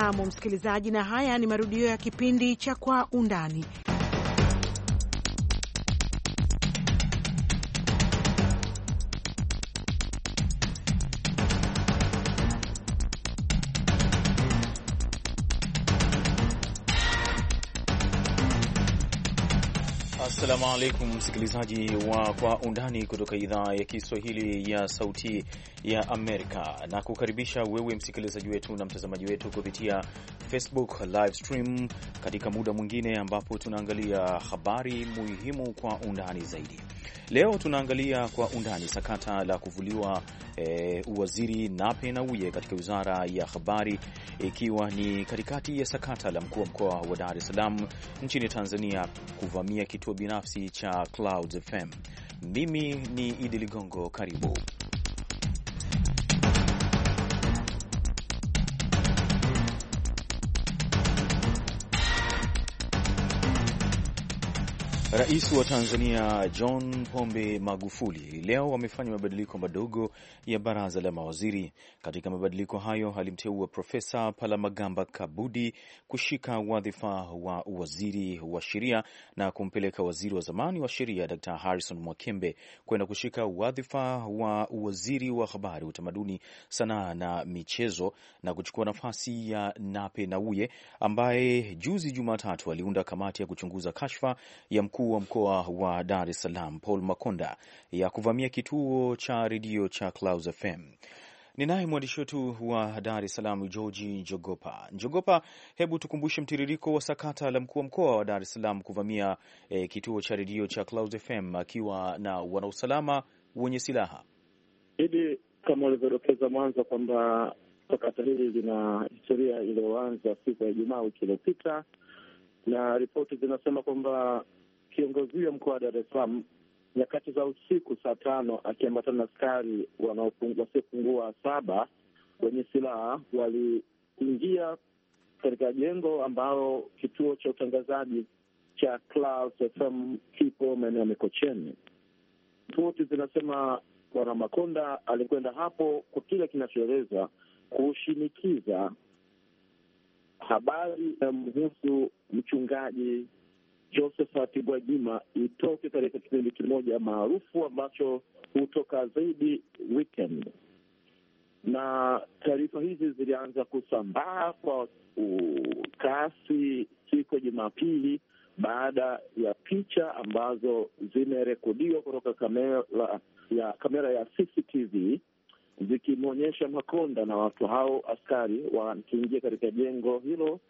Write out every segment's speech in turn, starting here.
Naam msikilizaji, na haya ni marudio ya kipindi cha Kwa Undani. Assalamu alaikum msikilizaji wa Kwa Undani kutoka idhaa ya Kiswahili ya Sauti ya Amerika, na kukaribisha wewe msikilizaji wetu na mtazamaji wetu kupitia Facebook live stream katika muda mwingine ambapo tunaangalia habari muhimu kwa undani zaidi. Leo tunaangalia kwa undani sakata la kuvuliwa e, eh, uwaziri Nape Nnauye katika wizara ya habari, ikiwa ni katikati ya sakata la mkuu wa mkoa wa Dar es Salaam nchini Tanzania kuvamia kituo binafsi binafsi cha Clouds FM. Mimi ni Idi Ligongo, karibu. Rais wa Tanzania John Pombe Magufuli leo amefanya mabadiliko madogo ya baraza la mawaziri. Katika mabadiliko hayo alimteua Profesa Palamagamba Kabudi kushika wadhifa wa waziri wa sheria na kumpeleka waziri wa zamani wa sheria Dr. Harrison Mwakembe kwenda kushika wadhifa wa waziri wa habari, utamaduni, sanaa na michezo na kuchukua nafasi ya Nape nauye ambaye juzi Jumatatu aliunda kamati ya kuchunguza kashfa ya mkuu mkuu wa mkoa wa Dar es Salaam Paul Makonda ya kuvamia kituo cha redio cha Clouds FM. Ni naye mwandishi wetu wa Dar es Salaam Georgi Njogopa. Njogopa, hebu tukumbushe mtiririko wa sakata la mkuu wa mkoa wa Dar es Salaam kuvamia eh, kituo cha redio cha Clouds FM akiwa na wanausalama wenye silaha hili kama ulivyodokeza mwanzo kwamba sakata hili lina historia iliyoanza siku ya Ijumaa wiki iliyopita, na ripoti zinasema kwamba kiongozi huyo mkoa wa Dar es Salaam nyakati za usiku saa tano akiambatana na askari wasiopungua saba wenye silaha waliingia katika jengo ambalo kituo cha utangazaji cha Clouds FM kipo maeneo ya Mikocheni. Ripoti zinasema Bwana Makonda alikwenda hapo kwa kile kinachoeleza kushinikiza habari inayomhusu mchungaji Josephat Gwajima itoke katika kipindi kimoja maarufu ambacho hutoka zaidi weekend, na taarifa hizi zilianza kusambaa kwa kasi siku Jumapili baada ya picha ambazo zimerekodiwa kutoka kamera ya kamera ya CCTV zikimwonyesha Makonda na watu hao askari wakiingia katika jengo hilo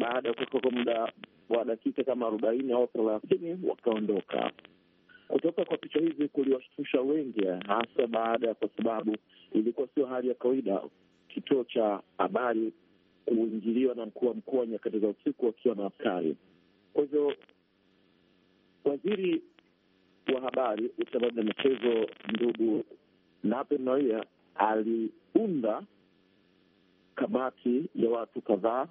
baada ya kutoka kwa muda wa dakika kama arobaini au thelathini wakaondoka. Kutoka kwa picha hizi kuliwashtusha wengi, hasa baada ya, kwa sababu ilikuwa sio hali ya kawaida kituo cha habari kuingiliwa na mkuu wa mkoa nyakati za usiku wakiwa na askari. Kwa hivyo waziri wa habari, utamaduni na michezo, ndugu Nape Nnauye aliunda kamati ya watu kadhaa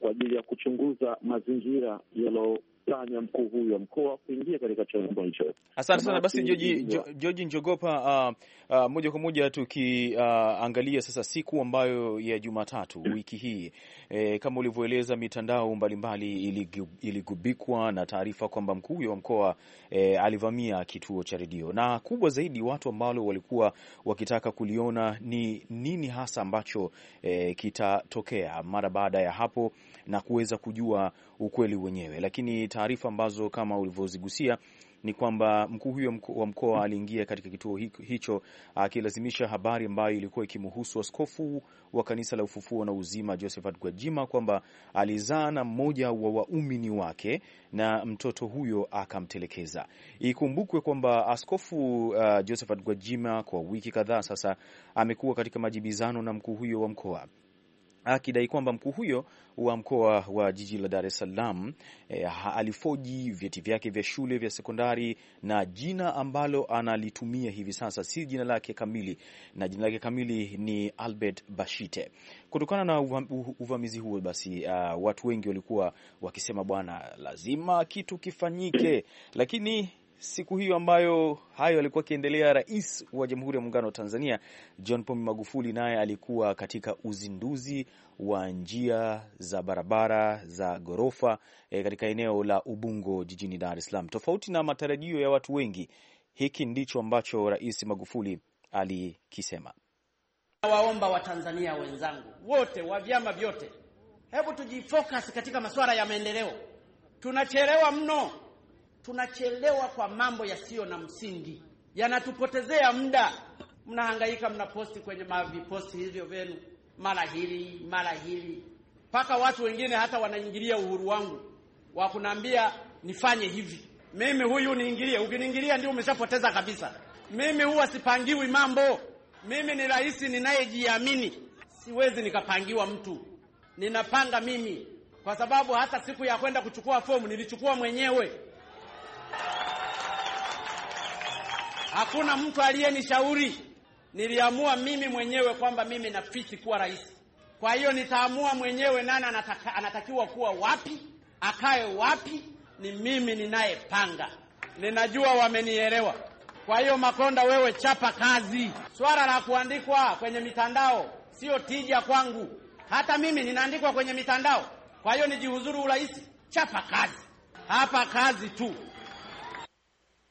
kwa ajili ya kuchunguza mazingira yalo kumtanya mkuu huyu wa mkoa kuingia katika chombo hicho. Asante sana. Basi George Njogopa, uh, uh, moja kwa moja tukiangalia uh, sasa siku ambayo ya Jumatatu wiki hii e, kama ulivyoeleza mitandao mbalimbali iligubikwa na taarifa kwamba mkuu huyo wa mkoa e, alivamia kituo cha redio, na kubwa zaidi watu ambalo walikuwa wakitaka kuliona ni nini hasa ambacho e, kitatokea mara baada ya hapo na kuweza kujua ukweli wenyewe, lakini taarifa ambazo kama ulivyozigusia ni kwamba mkuu huyo wa mkoa aliingia katika kituo hicho akilazimisha habari ambayo ilikuwa ikimhusu askofu wa kanisa la ufufuo na uzima Josephat Gwajima kwamba alizaa na mmoja wa waumini wake na mtoto huyo akamtelekeza. Ikumbukwe kwamba askofu uh, Josephat Gwajima kwa wiki kadhaa sasa amekuwa katika majibizano na mkuu huyo wa mkoa akidai kwamba mkuu huyo wa mkoa wa jiji la Dar es Salaam eh, alifoji vyeti vyake vya shule vya sekondari na jina ambalo analitumia hivi sasa si jina lake kamili, na jina lake kamili ni Albert Bashite. Kutokana na uvamizi huo, basi uh, watu wengi walikuwa wakisema bwana, lazima kitu kifanyike, lakini siku hiyo ambayo hayo alikuwa akiendelea, rais wa Jamhuri ya Muungano wa Tanzania John Pombe Magufuli naye alikuwa katika uzinduzi wa njia za barabara za ghorofa e, katika eneo la Ubungo jijini Dar es Salaam. Tofauti na matarajio ya watu wengi, hiki ndicho ambacho Rais Magufuli alikisema: nawaomba Watanzania wenzangu wote wa vyama vyote, hebu tujifocus katika masuala ya maendeleo. Tunachelewa mno tunachelewa kwa mambo yasiyo na msingi, yanatupotezea muda. Mnahangaika, mnaposti kwenye maviposti hivyo vyenu, mara hili mara hili, mpaka watu wengine hata wanaingilia uhuru wangu wa kunaambia nifanye hivi. Mimi huyu niingilie, ukiniingilia ndio umeshapoteza kabisa. Mimi huwa sipangiwi mambo. Mimi ni rais ninayejiamini, siwezi nikapangiwa mtu, ninapanga mimi, kwa sababu hata siku ya kwenda kuchukua fomu nilichukua mwenyewe. Hakuna mtu aliyenishauri, niliamua mimi mwenyewe kwamba mimi nafiti kuwa rais. Kwa hiyo nitaamua mwenyewe nani anataka, anatakiwa kuwa wapi, akae wapi. Ni mimi ninayepanga. Ninajua wamenielewa. Kwa hiyo Makonda, wewe chapa kazi. Swala la kuandikwa kwenye mitandao sio tija kwangu, hata mimi ninaandikwa kwenye mitandao. Kwa hiyo nijihuzuru urais, chapa kazi hapa, kazi tu.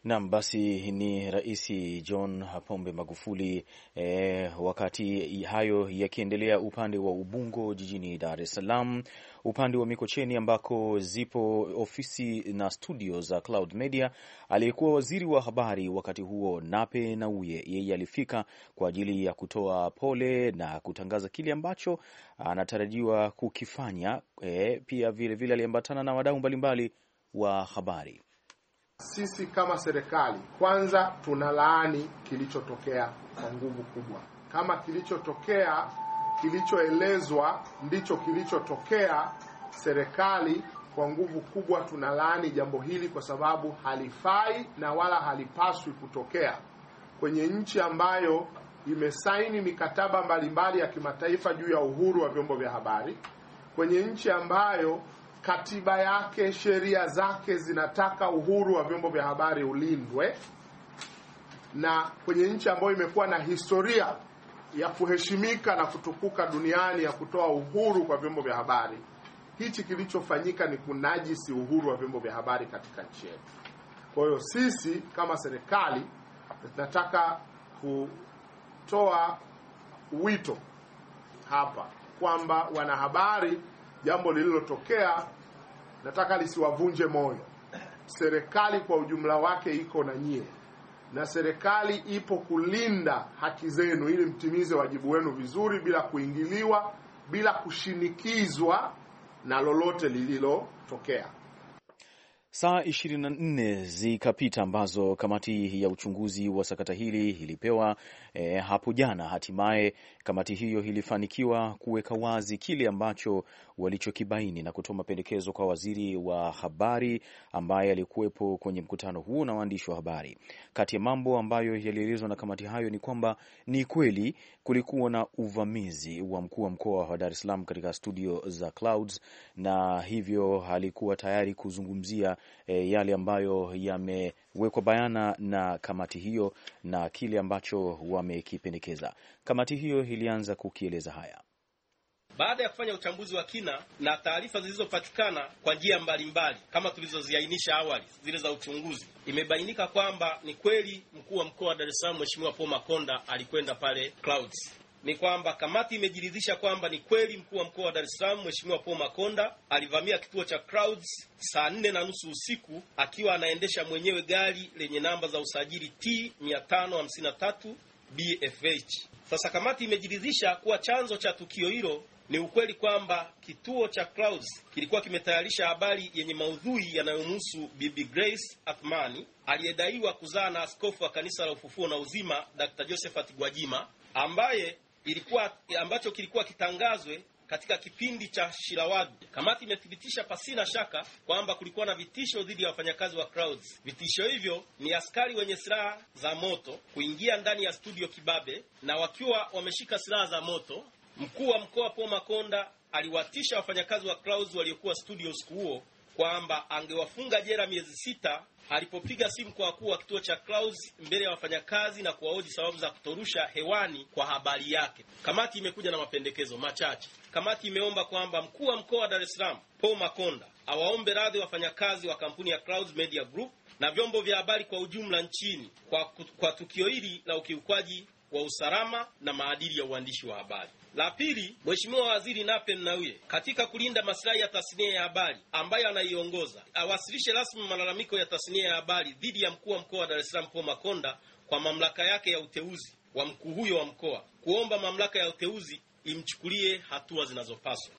Nam, basi ni Rais John Pombe Magufuli. E, wakati hayo yakiendelea upande wa Ubungo jijini Dar es Salaam, upande wa Mikocheni ambako zipo ofisi na studio za Cloud Media, aliyekuwa waziri wa habari wakati huo Nape Nnauye, yeye alifika kwa ajili ya kutoa pole na kutangaza kile ambacho anatarajiwa kukifanya. E, pia vilevile aliambatana na wadau mbalimbali wa habari. Sisi kama serikali kwanza tunalaani kilichotokea kwa nguvu kubwa. Kama kilichotokea kilichoelezwa ndicho kilichotokea, serikali kwa nguvu kubwa tunalaani jambo hili kwa sababu halifai na wala halipaswi kutokea kwenye nchi ambayo imesaini mikataba mbalimbali ya kimataifa juu ya uhuru wa vyombo vya habari, kwenye nchi ambayo katiba yake, sheria zake zinataka uhuru wa vyombo vya habari ulindwe, na kwenye nchi ambayo imekuwa na historia ya kuheshimika na kutukuka duniani ya kutoa uhuru kwa vyombo vya habari, hichi kilichofanyika ni kunajisi uhuru wa vyombo vya habari katika nchi yetu. Kwa hiyo sisi kama serikali tunataka kutoa wito hapa kwamba wanahabari, jambo lililotokea nataka lisiwavunje moyo. Serikali kwa ujumla wake iko na nyie, na serikali ipo kulinda haki zenu ili mtimize wajibu wenu vizuri, bila kuingiliwa, bila kushinikizwa na lolote lililotokea. Saa 24 zikapita ambazo kamati ya uchunguzi wa sakata hili ilipewa e, hapo jana hatimaye Kamati hiyo ilifanikiwa kuweka wazi kile ambacho walichokibaini na kutoa mapendekezo kwa waziri wa habari ambaye alikuwepo kwenye mkutano huo na waandishi wa habari. Kati ya mambo ambayo yalielezwa na kamati hayo ni kwamba ni kweli kulikuwa na uvamizi wa mkuu wa mkoa wa Dar es Salaam katika studio za Clouds, na hivyo alikuwa tayari kuzungumzia e, yale ambayo yame kuwekwa bayana na kamati hiyo na kile ambacho wamekipendekeza. Kamati hiyo ilianza kukieleza haya baada ya kufanya uchambuzi wa kina na taarifa zilizopatikana kwa njia mbalimbali kama tulizoziainisha awali zile za uchunguzi, imebainika kwamba ni kweli mkuu wa mkoa wa Dar es Salaam Mheshimiwa Paul Makonda alikwenda pale Clouds ni kwamba kamati imejiridhisha kwamba ni kweli mkuu wa mkoa wa Dar es Salaam Mheshimiwa Paul Makonda alivamia kituo cha Clouds saa nne na nusu usiku akiwa anaendesha mwenyewe gari lenye namba za usajili T 553 BFH. Sasa kamati imejiridhisha kuwa chanzo cha tukio hilo ni ukweli kwamba kituo cha Clouds kilikuwa kimetayarisha habari yenye maudhui yanayomhusu Bibi Grace Athmani aliyedaiwa kuzaa na askofu wa kanisa la Ufufuo na Uzima Dr. Josephat Gwajima ambaye ilikuwa ambacho kilikuwa kitangazwe katika kipindi cha Shirawadi. Kamati imethibitisha pasina shaka kwamba kulikuwa na vitisho dhidi ya wafanyakazi wa Clouds. Vitisho hivyo ni askari wenye silaha za moto kuingia ndani ya studio Kibabe na wakiwa wameshika silaha za moto. Mkuu wa mkoa Paul Makonda aliwatisha wafanyakazi wa Clouds waliokuwa studio siku huo kwamba angewafunga jela miezi sita alipopiga simu kwa wakuu wa kituo cha Clouds mbele ya wafanyakazi na kuwahoji sababu za kutorusha hewani kwa habari yake. Kamati imekuja na mapendekezo machache. Kamati imeomba kwamba mkuu wa mkoa wa Dar es Salaam Paul Makonda awaombe radhi wafanyakazi wa kampuni ya Clouds Media Group na vyombo vya habari kwa ujumla nchini kwa, kwa tukio hili la ukiukwaji wa usalama na maadili ya uandishi wa habari. La pili, Mheshimiwa Waziri Nape Nnauye katika kulinda masilahi ya tasnia ya habari ambayo anaiongoza awasilishe rasmi malalamiko ya tasnia ya habari dhidi ya mkuu wa mkoa wa Dar es Salaam Paul Makonda kwa mamlaka yake ya uteuzi wa mkuu huyo wa mkoa, kuomba mamlaka ya uteuzi imchukulie hatua zinazopaswa.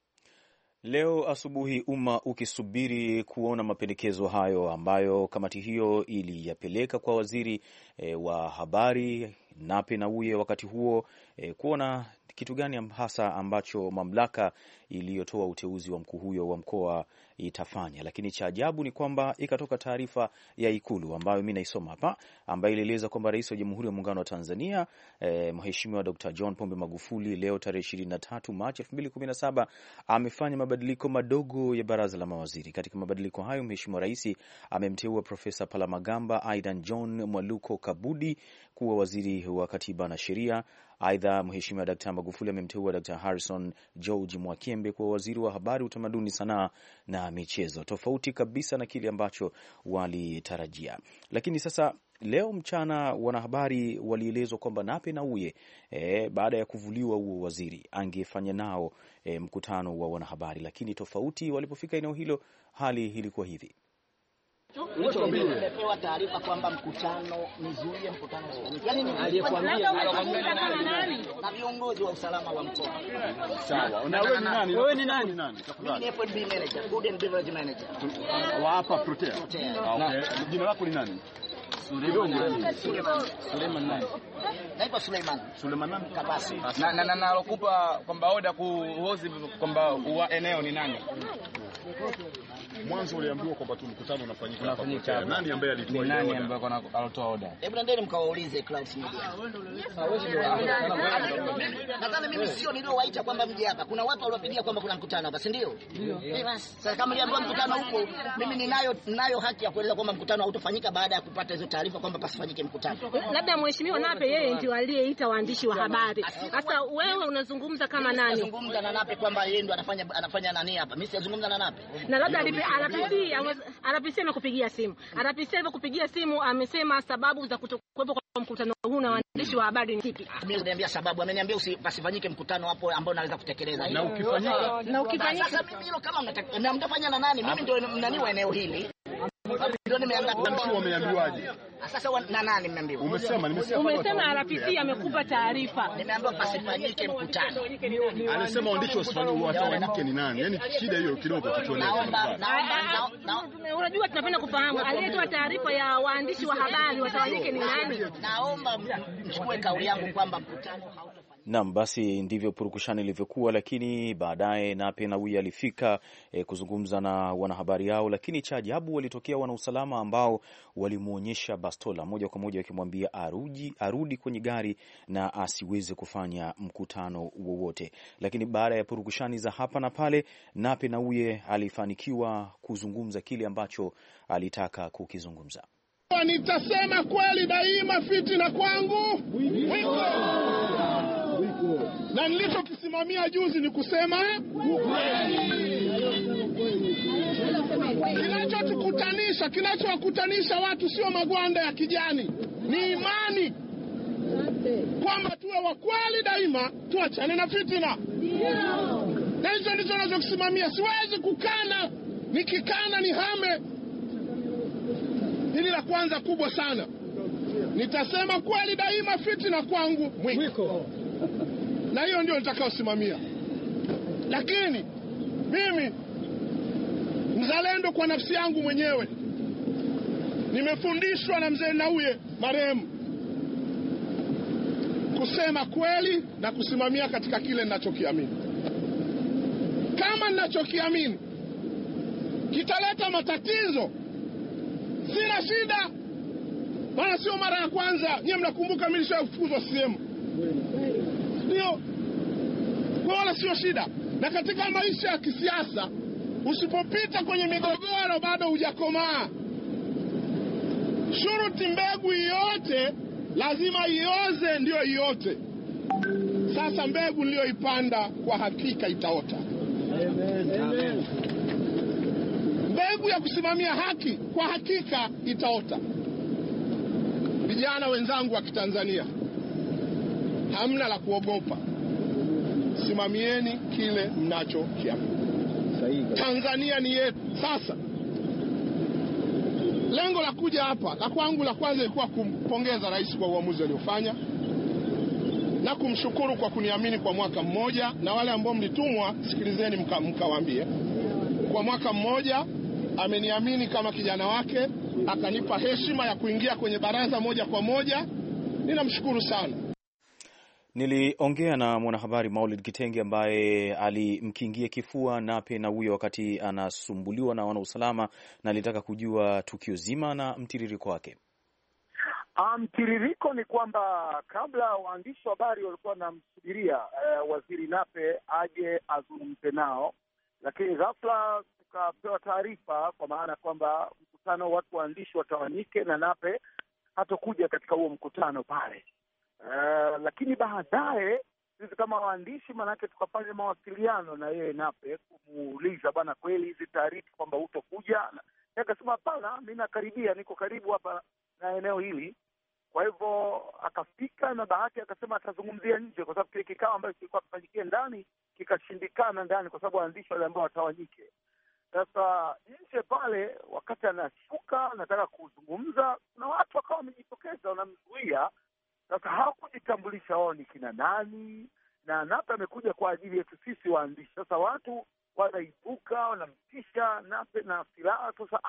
Leo asubuhi umma ukisubiri kuona mapendekezo hayo ambayo kamati hiyo iliyapeleka kwa waziri e, wa habari Nape Nnauye wakati huo e, kuona kitu gani hasa ambacho mamlaka iliyotoa uteuzi wa mkuu huyo wa mkoa itafanya. Lakini cha ajabu ni kwamba ikatoka taarifa ya Ikulu ambayo mi naisoma hapa, ambayo ilieleza kwamba Rais wa Jamhuri ya Muungano wa Tanzania eh, Mheshimiwa Dr. John Pombe Magufuli leo tarehe 23 Machi 2017 amefanya mabadiliko madogo ya baraza la mawaziri. Katika mabadiliko hayo, Mheshimiwa Rais amemteua Profesa Palamagamba Aidan John Mwaluko Kabudi kuwa waziri wa katiba na sheria, Aidha, Mheshimiwa Dkt. Magufuli amemteua Dkt. Harrison George Mwakembe kuwa waziri wa habari, utamaduni, sanaa na michezo, tofauti kabisa na kile ambacho walitarajia. Lakini sasa leo mchana wanahabari walielezwa kwamba Nape Nnauye e, baada ya kuvuliwa huo waziri angefanya nao e, mkutano wa wanahabari, lakini tofauti, walipofika eneo hilo hali ilikuwa hivi. Nimepewa taarifa kwamba mkutano nizuie mkutano usifanyike. Yaani aliyekuambia na viongozi wa usalama wa mkoa. Sawa. Na wewe ni nani? Wewe ni nani? Mimi ni F&B manager, food and beverage manager. Wa hapa Protea. Ah, okay. Jina lako ni nani? naitwa Suleiman Suleiman Kabasi. Na na nalokupa kwamba oda kuhozi kwamba eneo ni nani? Mwanzo uliambiwa kwamba tu mkutano unafanyika hapa. Nani ambaye alitoa oda? Nani ambaye alitoa oda? Hebu nendeni mkawaulize Clouds Media. Nadhani mimi sio niliowaita kwamba mje hapa. Kuna watu waliopigia kwamba kuna mkutano hapa, si ndio? Sasa kama niliambiwa mkutano huko, mimi ninayo ninayo haki ya kueleza kwamba mkutano hautofanyika baada ya kupata hizo taarifa kwamba pasifanyike mkutano. Labda mheshimiwa Nape yeye ndio aliyeita waandishi wa habari. Sasa wewe unazungumza kama nani? Unazungumza na Nape kwamba yeye ndio anafanya anafanya nani hapa. Mimi sijazungumza na Nape. Na labda RPC RPC amekupigia simu. RPC amekupigia simu amesema sababu za kutokuwepo kwa mkutano huu na waandishi wa habari ni kipi? Mimi niliambia sababu, ameniambia usifanyike mkutano hapo ambao naweza kutekeleza. Na ukifanyika na ukifanyika sasa mimi hilo kama mnataka na mtafanya na nani? Mimi ndio mnani wa eneo hili ndio Sasa na nani mmeambiwa? Umesema, nimesema. Umesema RPC amekupa taarifa. Nimeambiwa pasifanyike mkutano. Anasema waandishi wasifanyike ni nani? Yaani shida hiyo kidogo tutueleze. Ah, ah, ah, unajua tunapenda kufahamu aliyetoa taarifa ya waandishi wa habari watawanyike ni nani? Naomba mchukue kauli yangu kwamba mkutano hauta Naam, basi ndivyo purukushani ilivyokuwa, lakini baadaye Nape Nnauye alifika e, kuzungumza na wanahabari hao, lakini cha ajabu walitokea wanausalama ambao walimwonyesha bastola moja kwa moja wakimwambia arudi kwenye gari na asiweze kufanya mkutano wowote. Lakini baada ya purukushani za hapa na pale, Nape Nnauye alifanikiwa kuzungumza kile ambacho alitaka kukizungumza. Nitasema kweli daima, fitina kwangu na nilichokisimamia juzi ni kusema ukweli. Kinachotukutanisha, kinachowakutanisha watu sio magwanda ya kijani, ni imani kwamba tuwe wakweli daima, tuachane na fitina, na hizo ndizo nazokisimamia. Siwezi kukana, nikikana ni hame. Hili la kwanza kubwa sana, nitasema kweli daima, fitina kwangu mwiko na hiyo ndio nitakayosimamia. Lakini mimi mzalendo kwa nafsi yangu mwenyewe nimefundishwa na mzee Nauye marehemu kusema kweli na kusimamia katika kile ninachokiamini. Kama ninachokiamini kitaleta matatizo, sina shida, maana sio mara ya kwanza. Nyie mnakumbuka mimi nishafukuzwa sehemu ndio kwa wala sio shida. Na katika maisha ya kisiasa usipopita kwenye migogoro bado hujakomaa. Shuruti mbegu yote lazima ioze ndiyo iote. Sasa mbegu niliyoipanda kwa hakika itaota. Mbegu ya kusimamia haki kwa hakika itaota. Vijana wenzangu wa Kitanzania hamna la kuogopa. Simamieni kile mnachokiamini. Tanzania ni yetu. Sasa lengo la kuja hapa la kwangu la kwanza ilikuwa kumpongeza rais kwa uamuzi aliofanya na kumshukuru kwa kuniamini kwa mwaka mmoja, na wale ambao mlitumwa, sikilizeni mkawaambie, mka kwa mwaka mmoja ameniamini kama kijana wake, akanipa heshima ya kuingia kwenye baraza moja kwa moja. Ninamshukuru sana. Niliongea na mwanahabari Maulid Kitenge ambaye alimkingia kifua Nape na huyo wakati anasumbuliwa na wanausalama, na alitaka kujua tukio zima na mtiririko wake. Ah, mtiririko um, ni kwamba kabla waandishi wa habari walikuwa wanamsubiria eh, waziri Nape aje azungumze nao, lakini ghafla tukapewa taarifa kwa maana kwamba mkutano, watu waandishi watawanyike na Nape hatokuja katika huo mkutano pale Eh, lakini baadaye sisi kama waandishi, maanake tukafanya mawasiliano na yeye Nape kumuuliza, bwana, kweli hizi taarifa kwamba hutokuja? Akasema hapana, mi nakaribia, niko karibu hapa na eneo hili. Kwa hivyo akafika, na bahati akasema atazungumzia nje, kwa sababu kile kikao ambacho kilikuwa kifanyikie ndani kikashindikana ndani, kwa sababu waandishi wale ambao watawanyike sasa nje pale, wakati anashuka anataka kuzungumza, kuna watu wakawa wamejitokeza wanamzuia, sasa hawakujitambulisha wao ni kina nani, na Nape amekuja kwa ajili yetu sisi waandishi. Sasa watu wanaibuka wanamtisha Nape na silaha. Sasa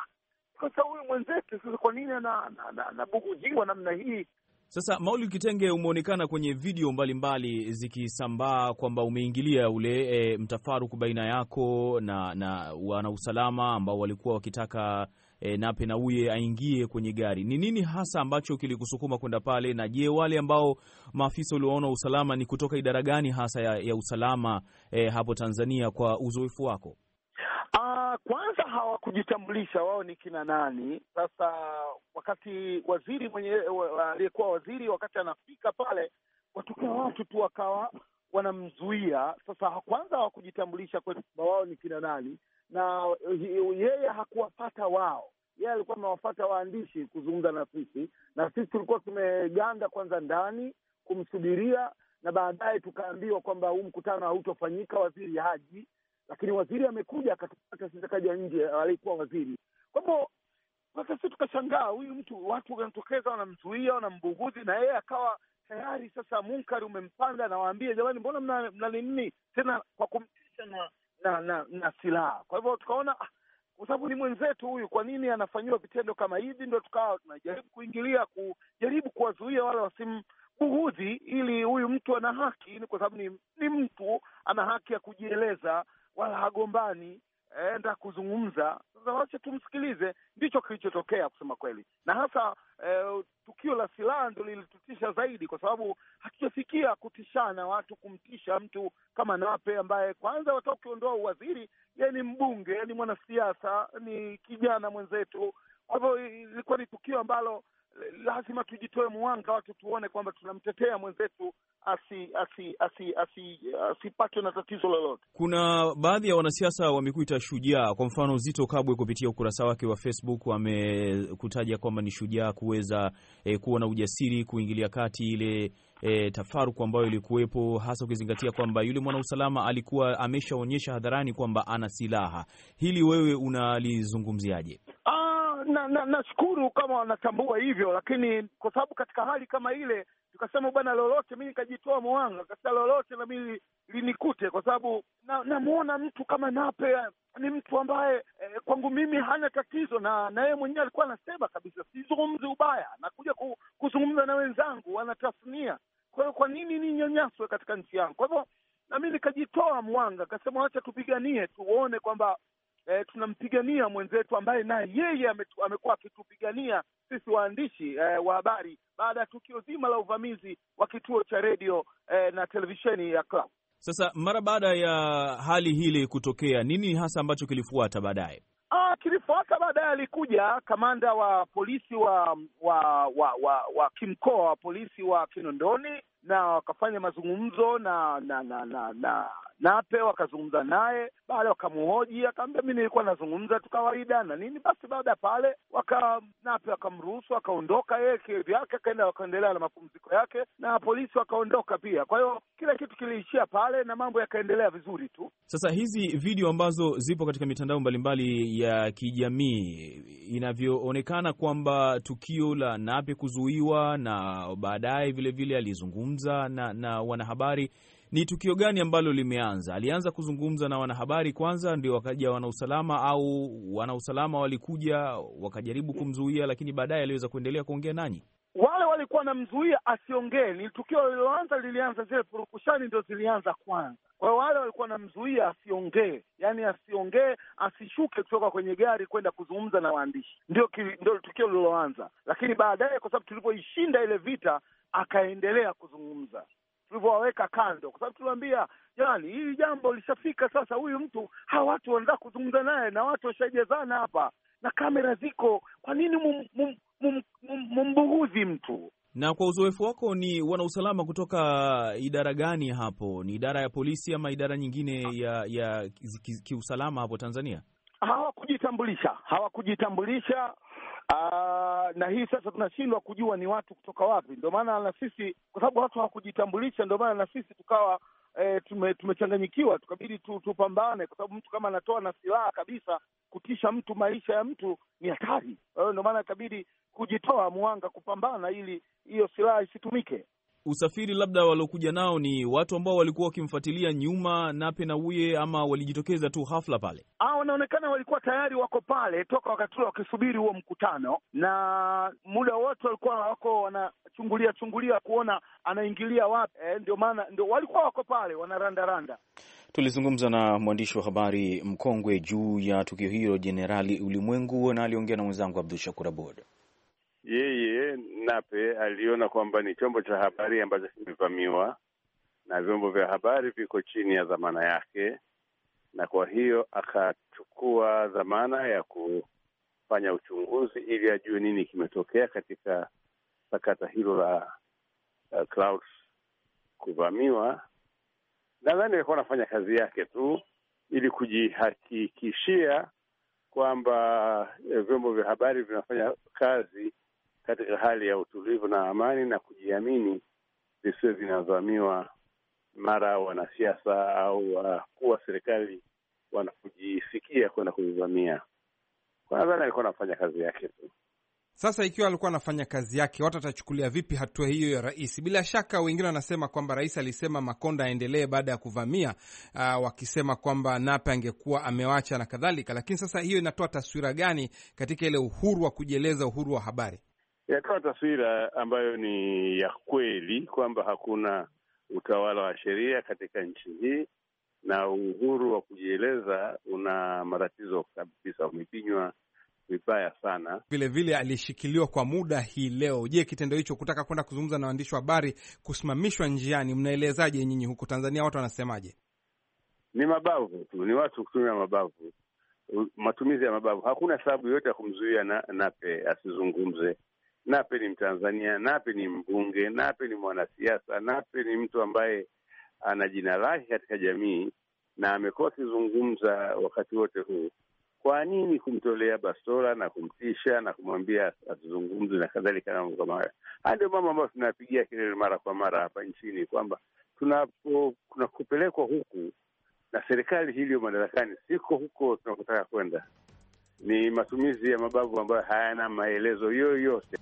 sasa huyu mwenzetu sasa, kwa nini anabugujiwa namna hii? Sasa Mauli Kitenge, umeonekana kwenye video mbalimbali zikisambaa kwamba umeingilia ule e, mtafaruku baina yako na na wanausalama ambao walikuwa wakitaka e, Nape Nnauye aingie kwenye gari. Ni nini hasa ambacho kilikusukuma kwenda pale, na je, wale ambao maafisa ulioona usalama ni kutoka idara gani hasa ya, ya usalama e, hapo Tanzania kwa uzoefu wako? Aa, ah, kwanza hawakujitambulisha wao ni kina nani. Sasa wakati waziri mwenye aliyekuwa waziri wakati anafika pale, watokea watu tu wakawa wanamzuia. Sasa kwanza hawakujitambulisha kwa wao ni kina nani, na eh, yeye hakuwafata wao, yeye alikuwa amewafata waandishi kuzungumza na sisi, na sisi tulikuwa tumeganda kwanza ndani kumsubiria, na baadaye tukaambiwa kwamba huu mkutano hautofanyika, waziri haji, lakini waziri amekuja akatupata sisi, akaja nje, alikuwa waziri. Kwa hivyo sasa sisi tukashangaa, huyu mtu, watu wanatokeza, wanamzuia, wanambughudhi, na yeye akawa tayari sasa munkari umempanda, nawaambia jamani, mbona mna nini tena kwa kumtisha na na na, na silaha. Kwa hivyo tukaona ah, kwa sababu ni mwenzetu huyu, kwa nini anafanyiwa vitendo kama hivi? Ndo tukawa tunajaribu kuingilia, kujaribu kuwazuia wale wasimbughudhi, ili huyu mtu ana haki, kwa sababu ni, ni mtu ana haki ya kujieleza, wala hagombani enda eh, kuzungumza. Sasa wache tumsikilize, ndicho kilichotokea kusema kweli, na hasa eh, tukio la silaha ndo lilitutisha zaidi, kwa sababu hatujafikia kutishana watu, kumtisha mtu kama Nape ambaye kwanza wataka ukiondoa uwaziri, ye ni mbunge, ni mwanasiasa, ni kijana mwenzetu. Kwa hivyo ilikuwa ni tukio ambalo lazima tujitoe mwanga, watu tuone kwamba tunamtetea mwenzetu asipatwe asi, asi, asi, na tatizo lolote. Kuna baadhi ya wanasiasa wamekuita shujaa. Kwa mfano, Zito Kabwe kupitia ukurasa wake wa Facebook amekutaja kwamba ni shujaa kuweza eh, kuwa na ujasiri kuingilia kati ile E, tafaruku ambayo ilikuwepo hasa ukizingatia kwamba yule mwanausalama alikuwa ameshaonyesha hadharani kwamba ana silaha. Hili wewe unalizungumziaje? Ah, Nashukuru na, na kama wanatambua hivyo, lakini kwa sababu katika hali kama ile tukasema bwana, lolote mi nikajitoa mwanga, kasema lolote na mi linikute, kwa sababu namwona na mtu kama Nape ni mtu ambaye eh, kwangu mimi hana tatizo na na yeye mwenyewe alikuwa anasema kabisa, sizungumzi ubaya, nakuja ku, kuzungumza na wenzangu wanatasnia. Kwa hiyo kwa nini ninyanyaswe katika nchi yangu? Kwa hivyo nami nikajitoa mwanga, kasema wacha tupiganie, tuone kwamba e, tunampigania mwenzetu ambaye naye yeye amekuwa akitupigania sisi waandishi e, wa habari baada ya tukio zima la uvamizi wa kituo cha redio e, na televisheni ya Clouds. Sasa mara baada ya hali hili kutokea, nini hasa ambacho kilifuata baadaye? Ah, kilifuata baadaye alikuja kamanda wa polisi wa wa wa wa, wa kimkoa wa polisi wa Kinondoni na wakafanya mazungumzo na na na na, na Nape wakazungumza naye, baada wakamhoji, akaambia mi nilikuwa nazungumza tu kawaida na nini. Basi baada ya pale waka Nape wakamruhusu akaondoka yeye kivyake, akaenda wakaendelea na mapumziko yake, na polisi wakaondoka pia. Kwa hiyo kila kitu kiliishia pale na mambo yakaendelea vizuri tu. Sasa hizi video ambazo zipo katika mitandao mbalimbali ya kijamii, inavyoonekana kwamba tukio la Nape kuzuiwa na baadaye vilevile alizungumza na, na wanahabari ni tukio gani ambalo limeanza? Alianza kuzungumza na wanahabari kwanza, ndio wakaja wanausalama, au wanausalama walikuja wakajaribu kumzuia, lakini baadaye aliweza kuendelea kuongea nanyi? Wale walikuwa namzuia asiongee. Ni tukio lililoanza, lilianza zile purukushani ndio zilianza kwanza. Kwa hiyo wale walikuwa namzuia asiongee, yaani asiongee, asishuke kutoka kwenye gari kwenda kuzungumza na waandishi, ndio ndio tukio lililoanza. Lakini baadaye, kwa sababu tulipoishinda ile vita, akaendelea kuzungumza tulivyowaweka kando, kwa sababu tuliwambia yani, hili jambo lishafika sasa. Huyu mtu hawa watu wanaza kuzungumza naye na watu washajazana hapa na kamera ziko, kwa nini mumbuguzi mtu? Na kwa uzoefu wako, ni wanausalama kutoka idara gani hapo? Ni idara ya polisi ama idara nyingine ya ya kiusalama hapo Tanzania? Hawakujitambulisha, hawakujitambulisha, Aa, ah, na hii sasa tunashindwa kujua ni watu kutoka wapi. Ndio maana na sisi, kwa sababu watu hawakujitambulisha, ndio maana na sisi tukawa E, tume- tumechanganyikiwa tukabidi tu, tupambane kwa sababu mtu kama anatoa na silaha kabisa kutisha mtu maisha ya mtu ni hatari. Kwa hiyo ndio maana ikabidi kujitoa muhanga kupambana ili hiyo silaha isitumike usafiri labda waliokuja nao ni watu ambao walikuwa wakimfuatilia nyuma Nape Nnauye, ama walijitokeza tu hafla pale? Ah, wanaonekana walikuwa tayari wako pale toka wakati ule wakisubiri huo mkutano, na muda wote walikuwa wako wanachungulia chungulia kuona anaingilia wapi. Eh, ndio maana ndio walikuwa wako pale wanarandaranda. Tulizungumza na mwandishi wa habari mkongwe juu ya tukio hilo, Jenerali Ulimwengu, na aliongea na mwenzangu abdu Shakur Abud yeye Nape aliona kwamba ni chombo cha habari ambacho kimevamiwa na vyombo vya habari viko chini ya dhamana yake, na kwa hiyo akachukua dhamana ya kufanya uchunguzi ili ajue nini kimetokea katika sakata hilo la uh, Clouds kuvamiwa. Nadhani alikuwa anafanya kazi yake tu ili kujihakikishia kwamba eh, vyombo vya habari vinafanya kazi katika hali ya utulivu na amani na kujiamini, visiwe vinavamiwa mara wanasiasa au wakuu wa serikali wanakujisikia kwenda kuvivamia. Kwa nadhani alikuwa anafanya kazi yake tu. Sasa ikiwa alikuwa anafanya kazi yake, watu atachukulia vipi hatua hiyo ya rais? Bila shaka wengine wanasema kwamba rais alisema Makonda aendelee baada ya kuvamia, uh, wakisema kwamba Nape angekuwa amewacha na kadhalika. Lakini sasa hiyo inatoa taswira gani katika ile uhuru wa kujieleza, uhuru wa habari? yatoa taswira ambayo ni ya kweli kwamba hakuna utawala wa sheria katika nchi hii na uhuru wa kujieleza una matatizo kabisa, umepinywa vibaya sana. Vilevile alishikiliwa kwa muda hii leo. Je, kitendo hicho kutaka kwenda kuzungumza na waandishi wa habari, kusimamishwa njiani, mnaelezaje nyinyi huko Tanzania? Watu wanasemaje? Ni mabavu tu, ni watu kutumia mabavu, matumizi ya mabavu. Hakuna sababu yoyote ya kumzuia na Nape asizungumze Nape ni Mtanzania, Nape ni mbunge, Nape ni mwanasiasa, Nape ni mtu ambaye ana jina lake katika jamii na amekuwa akizungumza wakati wote huu. Kwa nini kumtolea bastola na kumtisha na kumwambia asizungumze na kadhalika na mambo kama hayo? Haya ndio mambo ambayo tunayapigia kelele mara kwa mara hapa nchini kwamba tunakopelekwa huku na serikali hiliyo madarakani siko huko tunakotaka kwenda. Ni matumizi ya mabavu ambayo hayana maelezo yoyote.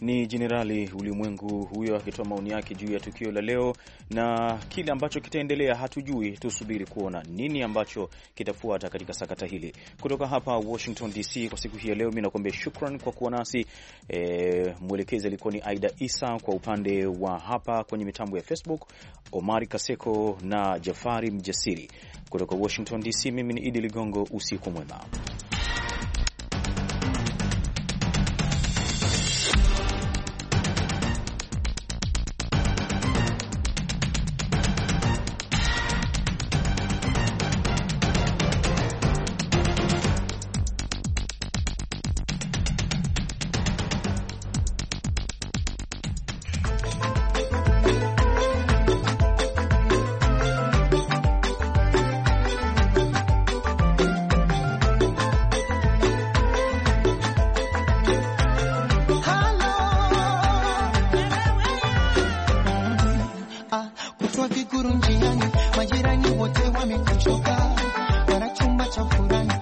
Ni Jenerali Ulimwengu huyo akitoa maoni yake juu ya tukio la leo, na kile ambacho kitaendelea hatujui. Tusubiri kuona nini ambacho kitafuata katika sakata hili. Kutoka hapa Washington DC kwa siku hii ya leo, mi nakuambia shukran kwa kuwa nasi. E, mwelekezi alikuwa ni Aida Isa, kwa upande wa hapa kwenye mitambo ya Facebook Omari Kaseko na Jafari Mjasiri. Kutoka Washington DC, mimi ni Idi Ligongo, usiku mwema. kutwa kikuru njiani, majirani wote wamekumchoka, wanachumba cha furani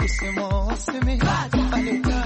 Você mostra-me Vai, vai,